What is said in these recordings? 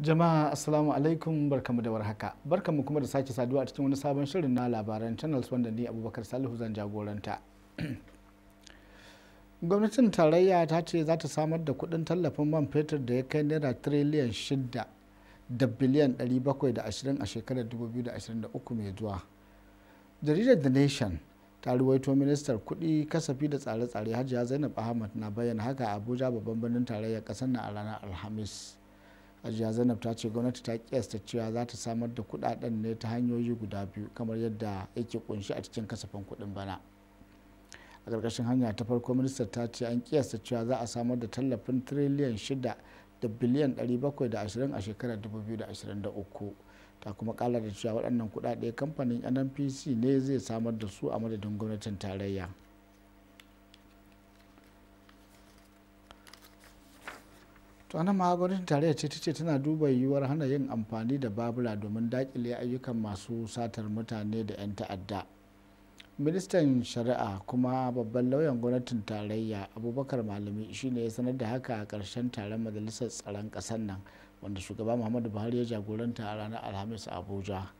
jama'a assalamu alaikum barkamu da warhaka barkamu kuma da sake saduwa a cikin wani sabon shirin na labaran channels wanda ni abubakar salihu zan jagoranta gwamnatin tarayya ta ce za ta samar da kudin tallafin man fetur da ya kai naira tiriliyan shida da biliyan 720 a shekarar 2023 mai zuwa jaridar the nation ta ruwaito ministar kuɗi kasafi da tsare-tsare hajiya zainab ahmad na bayyana haka a abuja babban birnin tarayyar kasar na a ranar alhamis ajiya zainab ta ce gwamnati ta kiyasta cewa za ta samar da kudaden ne ta hanyoyi guda biyu kamar yadda yake kunshi a cikin kasafin kudin bana a ƙarƙashin hanya ta farko minista ta ce an kiyasta cewa za a samar da tallafin tiriliyan shida da biliyan 720 a shekarar 2023 ta kuma ƙala da cewa waɗannan kuɗaɗe kamfanin nnpc ne zai samar da su a madadin gwamnatin tarayya to ana ma gwamnatin tarayya ce tace tana duba yiwuwar hana yin amfani da babura domin dakile ayyukan masu satar mutane da 'yan ta'adda ministan shari'a kuma babban lauyan gwamnatin tarayya abubakar malami shine ya sanar da haka a karshen taron majalisar tsaron ƙasar nan wanda shugaba muhammadu buhari ya jagoranta a ranar alhamis abuja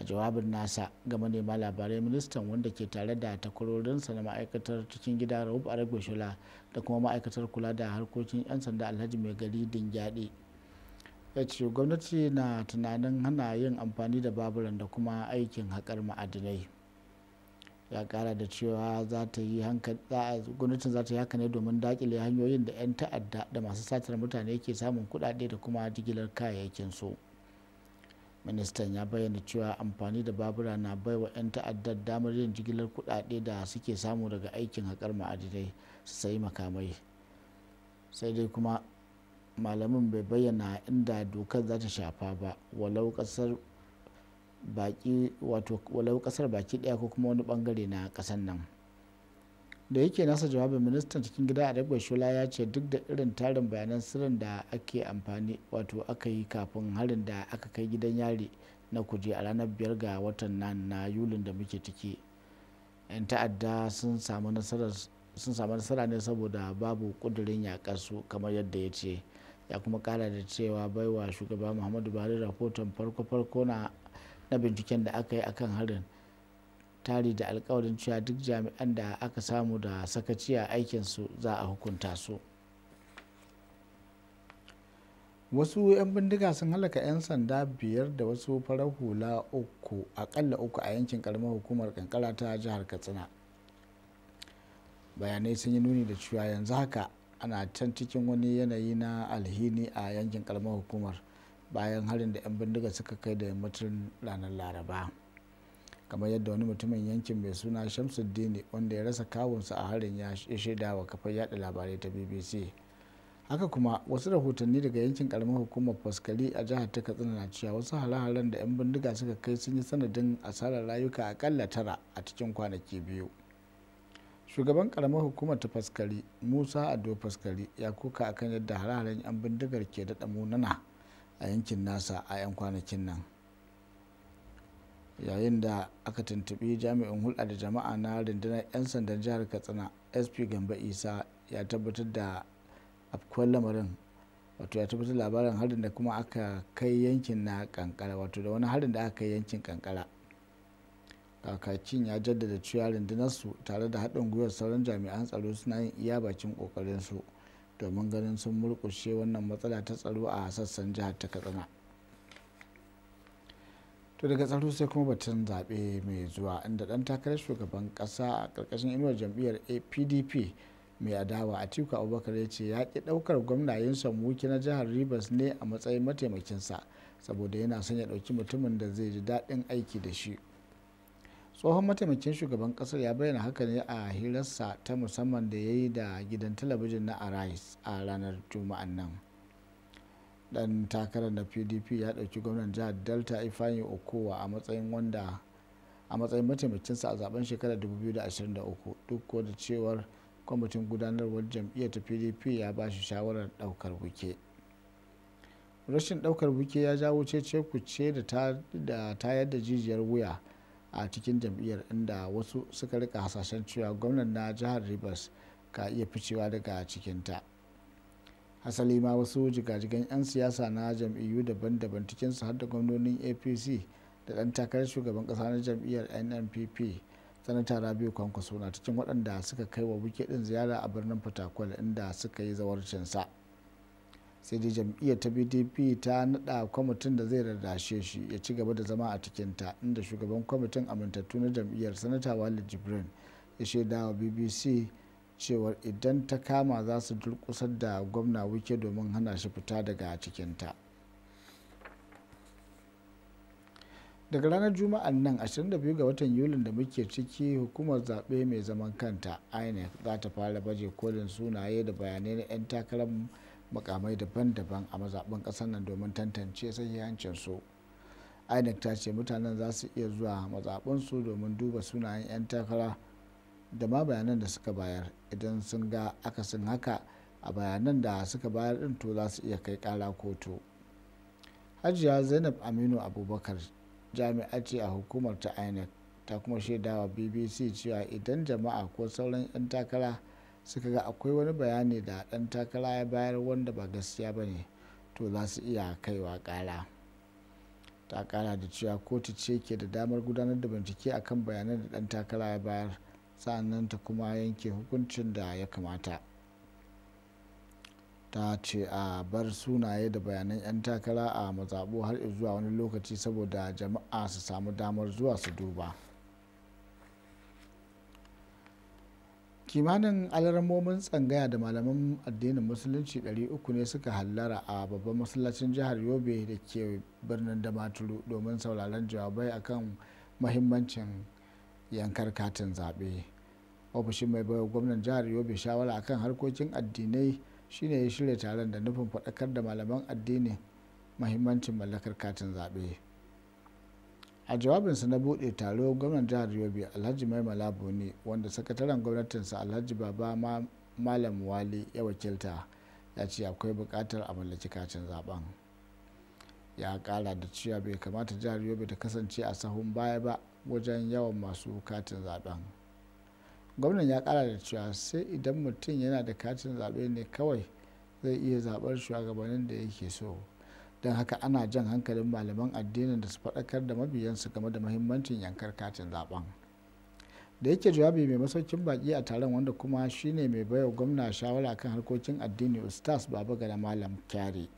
a jawabin nasa ga manema labarai ministan wanda ke tare da takwarorinsa na ma'aikatar cikin gida rahoto aragbeshola da kuma ma'aikatar kula da harkokin 'yan sanda alhaji mai gari dingyadi ya ce gwamnati na tunanin hana yin amfani da baburan da kuma aikin haƙar ma'adinai ya kara da cewa gwamnatin za ta yi haka ne domin dakile hanyoyin da 'yan ta'adda da masu satar mutane ke samun kuɗaɗe da kuma jigilar kayayyakin su. ministan ya bayyana cewa amfani da babura na baiwa 'yan ta'addar damar yin jigilar kudade da suke samu daga aikin haƙar ma'adinai su sayi makamai sai dai kuma malamin bai bayyana inda dokar za ta shafa ba walau kasar baki daya ko kuma wani bangare na kasan nan da yake nasa jawabin ministan cikin gida a shola ya ce duk da irin tarin bayanan sirrin da ake amfani wato aka yi kafin harin da aka kai gidan yari na kuje a ranar biyar ga watan nan na yulin da muke ciki 'yan ta'adda sun samu nasara ne saboda babu kudirin yakarsu kamar yadda ya ce ya kuma kara da cewa baiwa shugaba muhammadu buhari rahoton farko-farko na binciken da aka yi akan harin tare da alkawarin cewa duk jami'an da aka samu da sakaci a aikinsu za a hukunta su wasu 'yan bindiga sun halaka 'yan sanda biyar da wasu farar hula uku akalla uku a yankin karamar hukumar kankara ta jihar katsina bayanai sun yi nuni da cewa yanzu haka ana can cikin wani yanayi na alhini a yankin karamar hukumar bayan harin da 'yan bindiga suka kai da mutum ranar laraba. kamar yadda wani mutumin yankin mai suna shamsuddini wanda ya rasa kawunsa a harin ya shaida wa kafar yada labarai ta bbc haka kuma wasu rahotanni daga yankin karamar hukumar faskari a jihar ta katsina na cewa wasu halaharen da 'yan bindiga suka kai sun yi sanadin asarar rayuka akalla tara a cikin kwanaki biyu shugaban karamar hukumar ta faskari musa ado faskari ya kuka akan yadda halaharen 'yan bindigar ke daɗa munana a yankin nasa a 'yan kwanakin nan yayin da aka tuntubi jami'in hulɗa da jama'a na rundunar 'yan sandan jihar katsina sp gamba isa ya tabbatar da afkuwar lamarin wato ya tabbatar labarin harin da kuma aka kai yankin na kankara wato da wani harin da aka kai yankin kankara kakakin ya jaddada cewa rundunarsu tare da haɗin gwiwar sauran jami'an tsaro suna yin iya bakin ƙoƙarinsu domin ganin sun murƙushe wannan matsala ta tsaro a sassan jihar ta katsina to daga tsaro sai kuma batun zaɓe mai zuwa inda ɗan takarar shugaban ƙasa a ƙarƙashin inuwar jam'iyyar apdp mai adawa atiku abubakar ya ce ya ƙi ɗaukar gwamnayen samuki na jihar rivers ne a matsayin mataimakinsa saboda yana son ya ɗauki mutumin da zai ji daɗin aiki da shi tsohon mataimakin shugaban ƙasar ya bayyana haka ne a hirarsa ta musamman da ya yi da gidan talabijin na arise a ranar juma'an nan dan takarar na pdp ya ɗauki gwamnan jihar delta ifeanyi okowa a matsayin wanda a matsayin mataimakinsa a zaben shekarar 2023 duk da cewar kwamitin gudanarwar jam'iyyar ta pdp ya ba shi shawarar ɗaukar buke rashin ɗaukar buke ya jawo cece kuce da tayar da jijiyar wuya a cikin jam'iyyar inda wasu suka rika hasashen cewa gwamnan na jihar rivers ka iya ficewa daga cikinta. ta asali ma wasu jigajigan 'yan siyasa na jam'iyyu daban-daban cikinsu har da gwamnonin apc da ɗan takarar shugaban ƙasa na jam'iyyar nnpp sanata rabiu kwankwaso na cikin waɗanda suka kai wa buke ɗin ziyara a birnin fatakwal inda suka yi zawarcinsa sai dai jam'iyyar ta bdp ta naɗa kwamitin da zai rarrashe shi ya ci gaba da zama a cikinta inda shugaban kwamitin amintattu na jam'iyyar sanata walid jibrin ya shaida wa bbc cewar idan ta kama za su durkusar da gwamna wike domin hana shi fita daga cikinta daga ranar juma'an nan 22 ga watan yulin da muke ciki hukumar zaɓe mai zaman kanta inec za ta fara baje kolin sunaye da bayanai na 'yan takarar makamai daban-daban a mazaɓin ƙasar nan domin tantance su inec ta ce mutanen za su iya zuwa mazaɓinsu domin duba sunayen 'yan takara da ma bayanan da suka bayar idan sun ga akasin haka a bayanan da suka bayar din to za su iya kai kara kotu hajiya zainab aminu abubakar jami'a ce a hukumar ta inec ta kuma shaidawa bbc cewa idan jama'a ko sauran 'yan takara suka ga akwai wani bayani da dan takara ya bayar wanda ba gaskiya ba ne to za su iya kaiwa kara ta kara da cewa kotu ce ke da damar gudanar da bincike akan bayanan da ɗan takara ya bayar sa'annan ta kuma yanke hukuncin da ya kamata ta ce a bar sunaye da bayanan 'yan takara a mazaɓu har zuwa wani lokaci saboda jama'a su samu damar zuwa su duba kimanin alarmomin tsangaya da malaman addinin musulunci 300 ne suka hallara a babban masallacin jihar yobe da ke birnin damaturu domin sauraron jawabai akan mahimmancin yankar katin zaɓe. ofishin mai baiwa gwamnan jihar yobe shawara a kan harkokin addinai shine ya shirya taron da nufin faɗakar da malaman addini mahimmancin mallakar katin zaɓe a jawabinsa na buɗe taro gwamnan jihar yobe alhaji mai malabo ne wanda sakataren gwamnatinsa alhaji baba malam wali ya wakilta ya ce akwai buƙatar a mallaki katin zaɓen ya ƙara da cewa bai kamata jihar yobe ta kasance a sahun baya ba wajen yawan masu katin zaɓen gwamnan ya kara da cewa sai idan mutum yana da katin zaɓe ne kawai zai iya zaɓar shugabannin da yake so don haka ana jan hankalin malaman addinin da su faɗakar da mabiyansu game da mahimmancin yankar katin zaɓen da yake jawabi mai masaukin baki a taron wanda kuma shine mai baiwa gwamna shawara kan harkokin addini ustaz baba gana malam kyari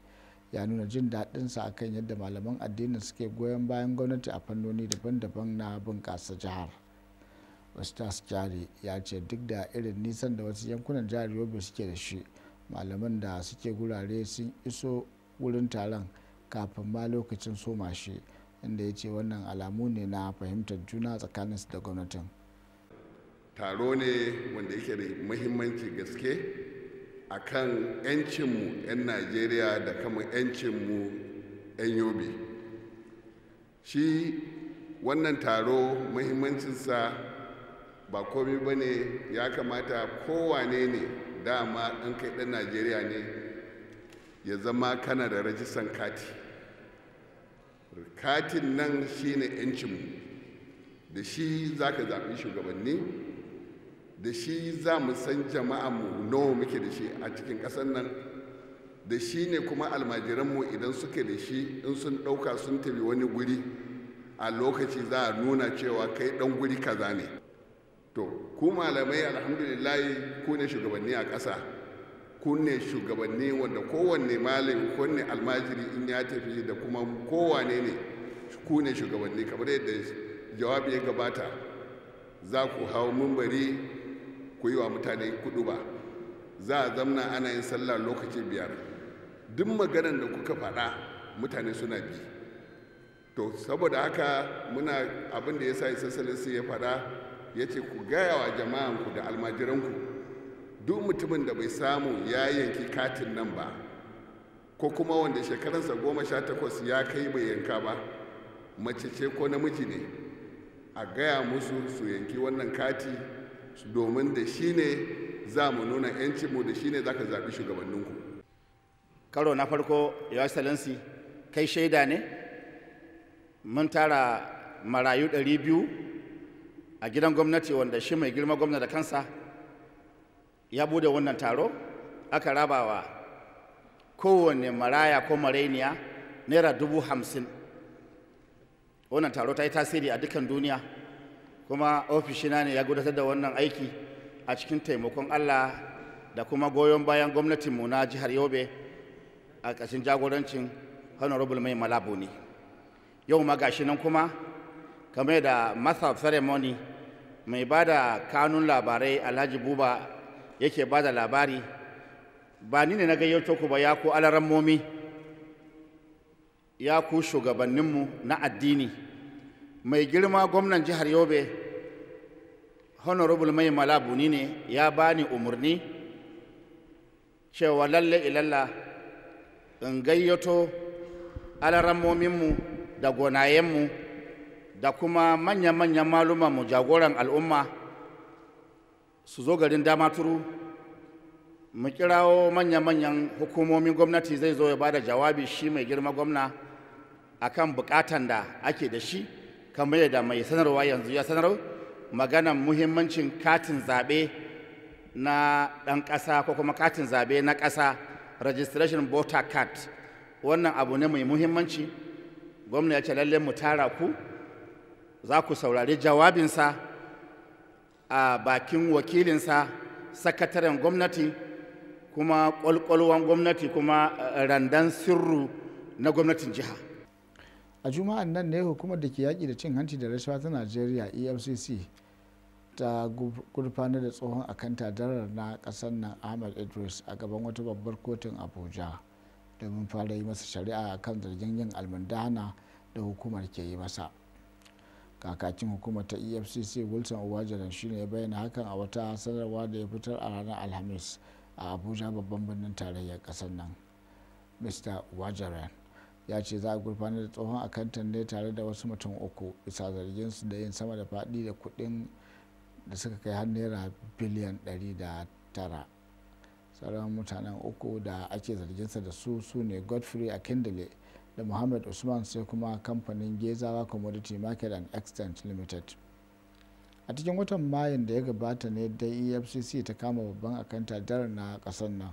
ya nuna jin daɗinsa akan yadda malaman addinin suke goyon bayan gwamnati a fannoni daban-daban na bunƙasa jihar. ustaz jari ya ce duk da irin nisan da wasu yankunan jihar yobe suke da shi malaman da suke gurare sun iso wurin taron kafin ma lokacin soma shi inda ya ce wannan alamu ne na fahimtar juna tsakanin su da gwamnatin taro ne wanda yake da muhimmanci gaske a kan 'yancinmu 'yan najeriya da kama 'yancinmu 'yan yobe shi wannan taro muhimmancinsa ba komi ba ne ya kamata kowane ne dama in kai ɗan najeriya ne ya zama kana da rajistan kati katin nan shine 'yancinmu da shi za ka zaɓi shugabanni da shi za mu san jama'anmu nawa muke da shi a cikin ƙasar nan da shi ne kuma almajiranmu idan suke da shi in sun ɗauka sun tafi wani guri a lokaci za a nuna cewa kai ɗan guri kaza ne to ku malamai alhamdulillahi ku ne shugabanni a ƙasa ku ne shugabanni wanda kowanne malami kowanne almajiri in ya tafi da kuma kowane ne ku ne shugabanni kamar yadda jawabi ya gabata za ku hau mumbari ku yi wa mutane kudu ba za a zamna ana yin sallah lokaci biyar duk maganar da kuka faɗa mutane suna bi to saboda haka muna abin da ya sa isa ya faɗa ya ce ku gaya wa jama'anku da almajiranku duk mutumin da bai samu ya yanki katin nan ba ko kuma wanda shekaransa goma sha takwas ya kai bai yanka ba mace ce ko namiji ne a gaya musu su yanki wannan kati domin da shi ne za mu nuna 'yancinmu da shi ne za ka zaɓi shugabanninku karo na farko ya excellency kai shaida ne mun tara marayu 200 a gidan gwamnati wanda shi mai girma gwamna da kansa ya bude wannan taro aka rabawa kowane maraya ko marainiya naira dubu hamsin wannan taro ta yi tasiri a dukkan duniya kuma ofishina ne ya gudanar da wannan aiki a cikin taimakon allah da kuma goyon bayan gwamnatin mu na jihar yobe a ƙarshen jagorancin honorable mai malabo ne yau ma gashi nan kuma game da masa ceremony mai ba da kanun labarai alhaji buba yake ba da labari ba ni ne na gayyato ku ba ya ku alarammomi ya ku shugabanninmu na addini mai girma gwamnan jihar yobe honorable mai ni ne ya bani umarni cewa lalle ilalla in gayyato alarammominmu da gonayenmu da kuma manya-manyan maluma mu jagoran al'umma su zo garin damaturu mu kirawo manya-manyan hukumomin gwamnati zai zo ya bada jawabi shi mai girma gwamna akan bukatan da ake da shi kamar yadda mai sanarwa yanzu ya sanar maganan muhimmancin katin zaɓe na ɗan ƙasa ko kuma katin zaɓe na ƙasa registration voter card wannan abu ne mai muhimmanci gwamna ya ce lallai mu tara ku za ku saurari jawabinsa a bakin wakilinsa sakataren gwamnati kuma kwalkwalwan gwamnati kuma eh, randan sirru na gwamnatin jiha a juma'an nan ne hukumar da ke yaƙi da cin hanci da rashawa ta najeriya efcc ta gurfanar da tsohon akanta darar na ƙasar nan ahmad idris a gaban wata babbar kotun abuja domin fara yi masa shari'a a kan zargin yin almundana da hukumar ke yi masa kakakin hukumar ta efcc wilson obajalan shine ya bayyana hakan a wata sanarwa da ya fitar a ranar alhamis a abuja babban birnin tarayyar kasar nan mr wajaran ya ce za a gurfanar da tsohon akantan ne tare da wasu mutum uku bisa zargin su da yin sama da faɗi da kuɗin da suka kai har naira biliyan 900 sauran mutanen uku da ake zarginsa da su su ne godfrey akindele da mohammed usman sai kuma kamfanin gezawa commodity market and exchange limited a cikin watan mayun da ya gabata ne da efcc ta kama babban akanta darar na kasar nan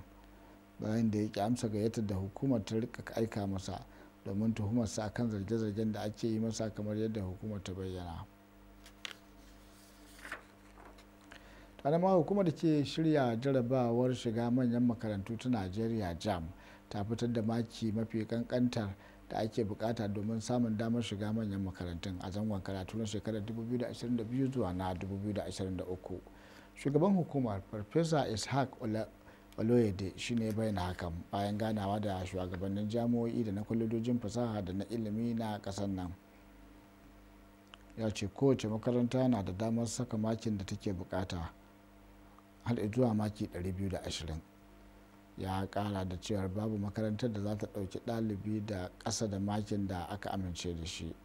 bayan da ya ki amsa gayyatar da hukumar ta rika aika masa domin tuhumarsa a kan zarge-zargen da ake yi masa kamar yadda hukumar ta bayyana tare ma hukumar da ke shirya jarabawar shiga manyan makarantu ta najeriya jam ta fitar da maki mafi kankantar da ake bukata domin samun damar shiga manyan makarantun a zangon karatu na shekarar 2022 zuwa na 2023 shugaban hukumar farfesa ishaq oloyede shine bayyana hakan bayan ganawa da shugabannin jami'o'i da na kwalejojin fasaha da na ilimi na kasar nan ya ce kowace makaranta na da damar saka makin da take bukata har zuwa maki 220 ya kara da cewar babu makarantar da za ta ɗauki ɗalibi da kasa da makin da aka amince da shi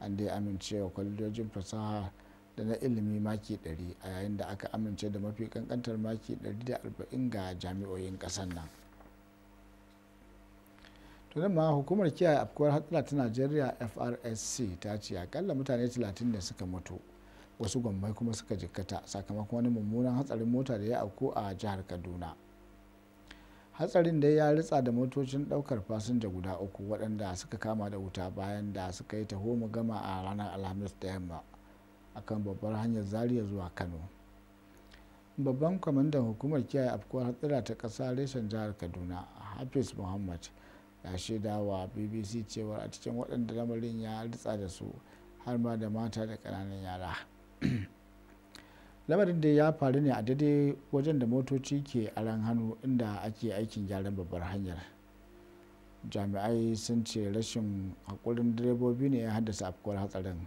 an dai amincewa kwalidojin fasaha da na ilimi maki 100 a yayin da aka amince da mafi kankantar maki 140 ga jami'oyin ƙasar nan tunan ma hukumar kiyaye afkuwar hatsara ta najeriya frsc ta ce akalla mutane 30 ne suka mutu wasu gwammai kuma suka jikkata sakamakon wani mummunan hatsarin mota da ya auku a jihar kaduna hatsarin dai ya ritsa da motocin daukar fasinja guda uku waɗanda suka kama da wuta bayan da suka yi taho mu gama a ranar alhamis da yamma akan babbar hanyar zaria zuwa kano babban kwamandan hukumar kiyaye afkuwar hatsira ta ƙasa reshen jihar kaduna hafiz muhammad ya shaida wa bbc cewa a cikin waɗanda lamarin ya ritsa da su har ma da mata da ƙananan yara lamarin da ya faru ne a daidai wajen da motoci ke aran hannu inda ake aikin gyaran babbar hanyar jami'ai sun ce rashin haƙurin direbobi ne ya haddasa afkuwar hatsarin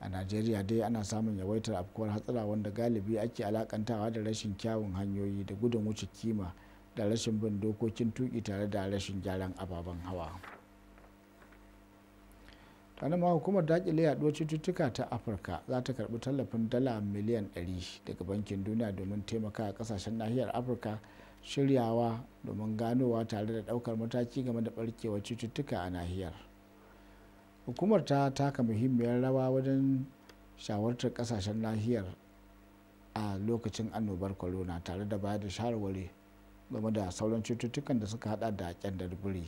a najeriya dai ana samun yawaitar afkuwar hatsara wanda galibi ake alakantawa da rashin kyawun hanyoyi da gudun wuce kima da rashin bin dokokin tuki tare da rashin gyaran ababen hawa. ranar ma hukumar dakile yaduwar cututtuka ta afirka za ta karbi tallafin dala miliyan 100 daga bankin duniya domin taimaka a kasashen nahiyar afirka shiryawa domin ganowa tare da ɗaukar mataki game da barkewar cututtuka a nahiyar hukumar ta taka muhimmiyar rawa wajen shawartar ƙasashen nahiyar a lokacin annobar corona tare da bayar da shawarwari game da sauran cututtukan da suka hada da kyandar biri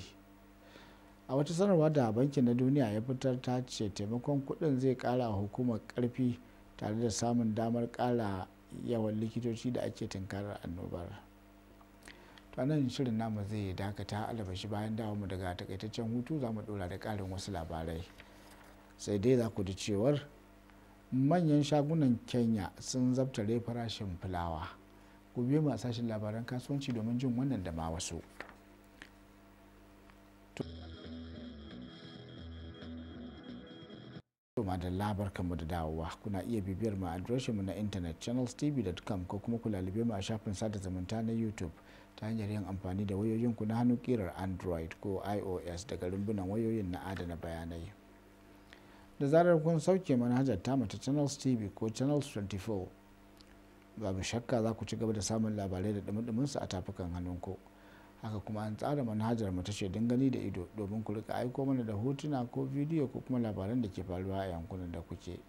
a wata sanarwa da bankin na duniya ya fitar ta ce taimakon kudin zai kara hukumar karfi tare da samun damar kara yawan likitoci da ake tunkarar annobar nan shirin namu zai dakata albashi bayan dawo mu daga takaitaccen hutu za mu dora da karin wasu labarai sai dai za ku ji cewar manyan shagunan kenya sun zabtare farashin fulawa ku biyo masu sashen labaran kasuwanci domin jin wannan da ma wasu. madalla mu da dawowa kuna iya bibiyar mu adireshin mu na intanet channelstv.com ko kuma ku lalube mu a shafin sada zumunta na youtube ta hanyar yin amfani da wayoyin ku na hannu kirar android ko ios daga rumbunan wayoyin na adana bayanai da zarar kun sauke manhajar ta ta channels tv ko channels 24 babu shakka za ku ci gaba da samun labarai da su a tafukan hannunku haka kuma an tsara manhajar mu ta shaidun gani da ido domin ku rika aiko mana da hotuna ko bidiyo ko kuma labaran da ke faruwa a yankunan da kuke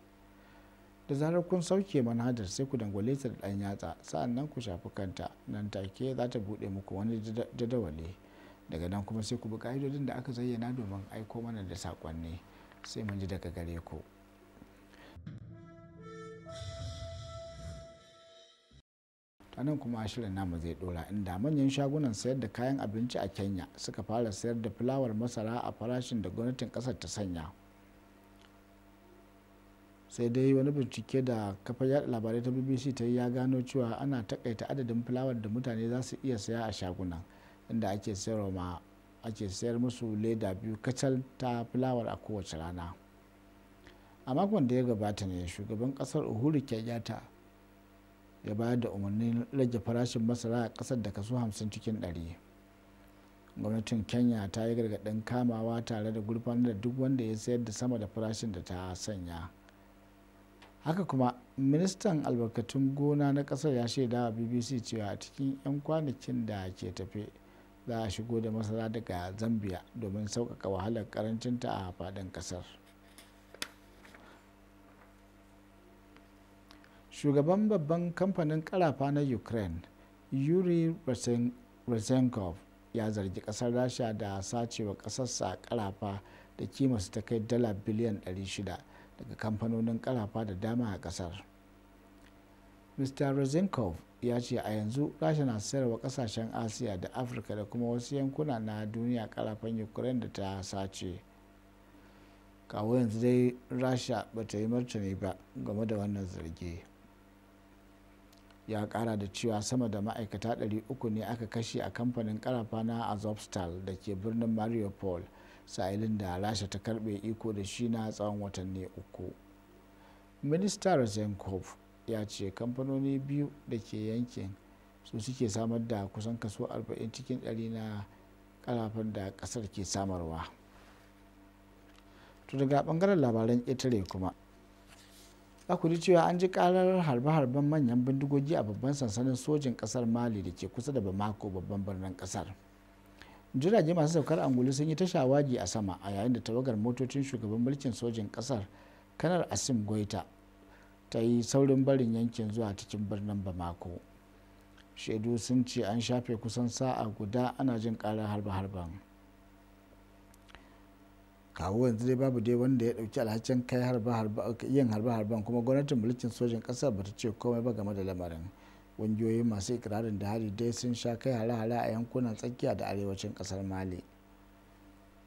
da zarar kun sauke manhajar sai ku dangwale ta da ɗan yatsa sa'an nan ku shafi kanta nan take za ta buɗe muku wani jadawali daga nan kuma sai ku bi ka'idodin da aka zayyana domin aiko mana da sakonni sai mun ji daga gare ku. a nan kuma shirin namu zai dora inda manyan shagunan sayar da kayan abinci a kenya suka fara sayar da fulawar masara a farashin da gwamnatin kasar ta sanya sai dai wani bincike da kafar yada labarai ta bbc ta yi ya gano cewa ana takaita adadin fulawar da mutane za su iya saya a shagunan inda ake ake sayar musu leda biyu kacal ta fulawar a kowace rana a makon da ya gabata ne shugaban kasar uhuru kenyatta ya bayar da umarnin rage farashin masara a kasar da kaso hamsin cikin 100 gwamnatin kenya ta yi gargaɗin kamawa tare da gurfanar da duk wanda ya sayar da sama da farashin da ta sanya haka kuma ministan albarkatun gona na kasar ya shaida a bbc cewa a cikin 'yan kwanakin da ke tafe za a shigo da masara daga zambia domin sauƙaƙa wahalar karancinta a faɗin ƙasar. kasar shugaban babban kamfanin karafa na ukraine yuri rezenkov ya zargi kasar rasha da sacewa kasarsa karafa da kimarsu ta kai dala biliyan 600 daga kamfanonin karafa da dama a kasar mr rezenkov ya ce a yanzu rasha na sayarwa kasashen asiya da afirka da kuma wasu yankuna na duniya karafan ukraine da ta sace kawo yanzu dai rasha ba ta yi martani ba game da wannan zargi. ya kara da cewa sama da ma'aikata 300 ne aka kashe a kamfanin karafa na azovstal da ke birnin mariupol sa'ilin da rasha ta karbe iko da shi na tsawon watanni uku minista razenkov ya ce kamfanoni biyu da ke yankin su suke samar da kusan kaso 40 cikin 100 na karafan da kasar ke samarwa to daga bangaren labaran itare kuma za kudi cewa an ji karar harbe-harben manyan bindigogi a babban sansanin sojin kasar mali da ke kusa da bamako babban birnin kasar jirage masu saukar angulu sun yi ta shawagi a sama a yayin da tawagar motocin shugaban mulkin sojin kasar kanar asim goita ta yi saurin barin yankin zuwa cikin birnin bamako shaidu sun ce an shafe kusan sa'a guda ana jin karar harbe-harben kawo yanzu dai babu dai wanda ya dauki alhakin kai yin harba harben kuma gwamnatin mulkin sojin ba ta ce komai ba game da lamarin ƙungiyoyi masu ikirarin da hari dai sun sha kai hare-hare a yankunan tsakiya da arewacin kasar mali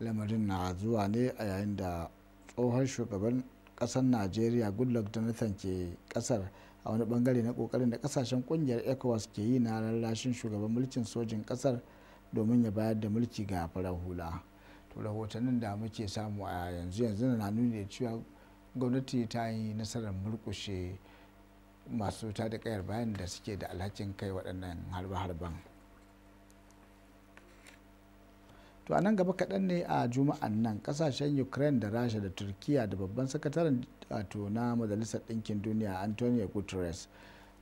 lamarin na zuwa ne a yayin da tsohon shugaban kasar najeriya goodluck jonathan ke kasar a wani bangare na kokarin da kasashen kungiyar ecowas ke yi na rarrashin shugaban mulkin sojin kasar domin ya bayar da mulki ga farar hula. rahotannin da muke samu a yanzu yanzu na nuni da cewa gwamnati ta yi nasarar murkushe masu ta da kayar bayan da suke da alhakin kai waɗannan harba-harban. to a nan gaba kaɗan ne a juma'an nan ƙasashen ukraine da rasha da turkiya da babban sakataren wato na majalisar ɗinkin duniya antonio guterres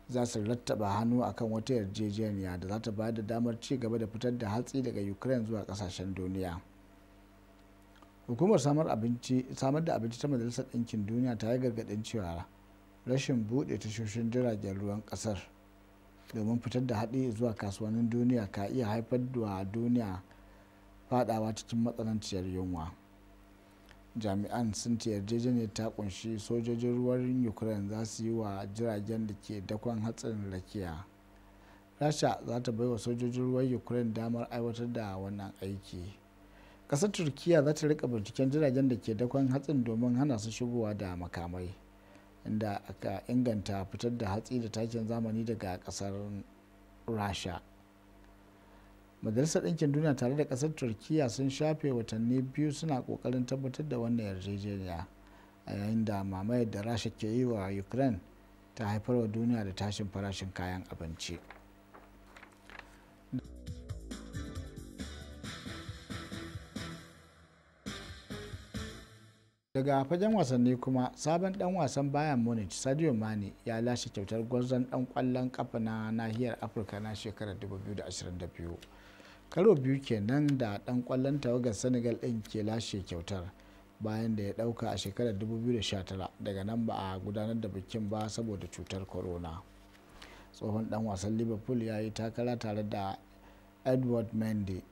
za su rattaba hannu kan wata yarjejeniya da za ta bayar da damar ci gaba da fitar da hatsi daga ukraine zuwa ƙasashen duniya hukumar samar da abinci ta majalisar ɗinkin duniya ta yi gargaɗin cewa rashin buɗe tashoshin jiragen ruwan ƙasar domin fitar da haɗi zuwa kasuwannin duniya ka iya haifar da duniya fadawa cikin matsananciyar yunwa jami'an sun ce yarjejeniyar ta kunshi sojojin ruwan ukraine za su yi wa jiragen da ke dakon hatsarin rakiya rasha za ta baiwa sojojin ruwan ukraine damar aiwatar da wannan aiki kasar turkiya za ta rika binciken jiragen da ke dakon hatsin domin hana su shigowa da makamai inda aka inganta fitar da hatsi da takin zamani daga kasar rasha majalisar ɗinkin duniya tare da kasar turkiya sun shafe watanni biyu suna kokarin tabbatar da wannan yarjejeniya a yayin da mamayar da rasha ke yi wa ukraine ta haifar wa duniya da tashin farashin kayan abinci. daga fagen wasanni kuma sabon dan wasan bayan munich sadio mane ya lashe kyautar gwarzon dan kwallon kafa na nahiyar afirka na shekarar 2022 karo biyu kenan da dan kwallon tawagar senegal din ke lashe kyautar bayan da ya dauka a shekarar 2019 daga nan ba a gudanar da bikin ba saboda cutar corona tsohon dan wasan liverpool ya yi takara tare da edward mendy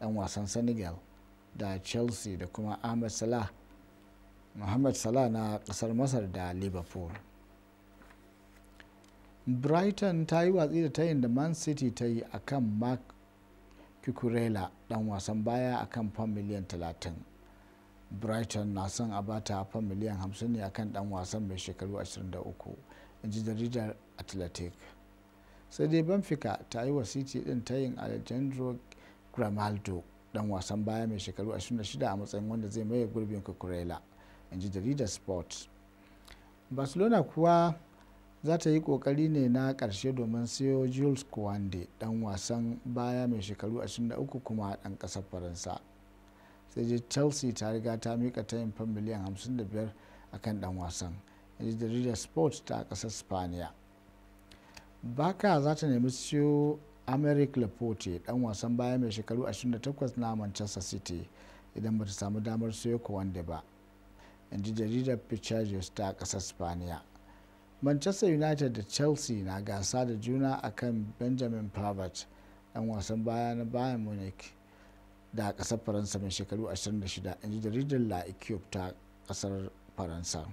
dan wasan senegal da chelsea da kuma ahmed salah Muhammad Salah na kasar Masar da Liverpool. Brighton ta yi watsi da tayin da Man City ta yi a kan Mark Cucurella dan wasan baya a kan miliyan 30. Brighton na son a bata fam miliyan 50 ne a kan dan wasan mai shekaru 23, in ji jaridar Athletic. sai dai benfica ta yi wa city din tayin alejandro gramaldo dan wasan baya mai shekaru 26 a matsayin wanda zai maye gurbin Cucurella. in ji jaridar sport barcelona kuwa za ta yi kokari ne na karshe domin siyo jules kowande dan wasan baya mai shekaru 23 kuma dan kasar faransa sai je chelsea ta riga ta mika tayin fan miliyan 55 akan dan wasan in ji jaridar sport ta kasar spaniya baka za ta nemi siyo americ laporte dan wasan baya mai shekaru 28 na manchester city idan ba ta samu damar siyo kowande ba in ji jaridar pictures ta kasar spaniya manchester united da chelsea na gasa da juna akan benjamin pavard dan wasan baya na bayan munich da ƙasar faransa mai shekaru 26 in ji jaridar la ta kasar faransa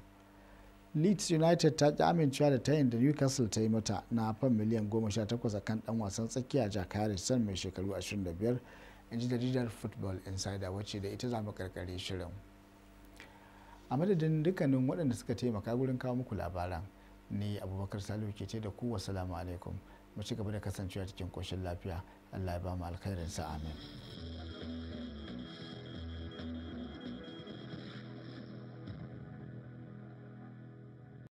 leeds united ta ji amincewa da tayin da newcastle ta yi mata na fan miliyan 18 a kan dan wasan tsakiya jack harrison mai shekaru 25 in ji jaridar football insider wacce da ita zamu karkare shirin a madadin dukkanin waɗanda suka taimaka gurin kawo muku labaran ni abubakar salihu ke ce da ku wasalamu alaikum mu ci gaba da kasancewa cikin koshin lafiya allah ya ba mu sa amin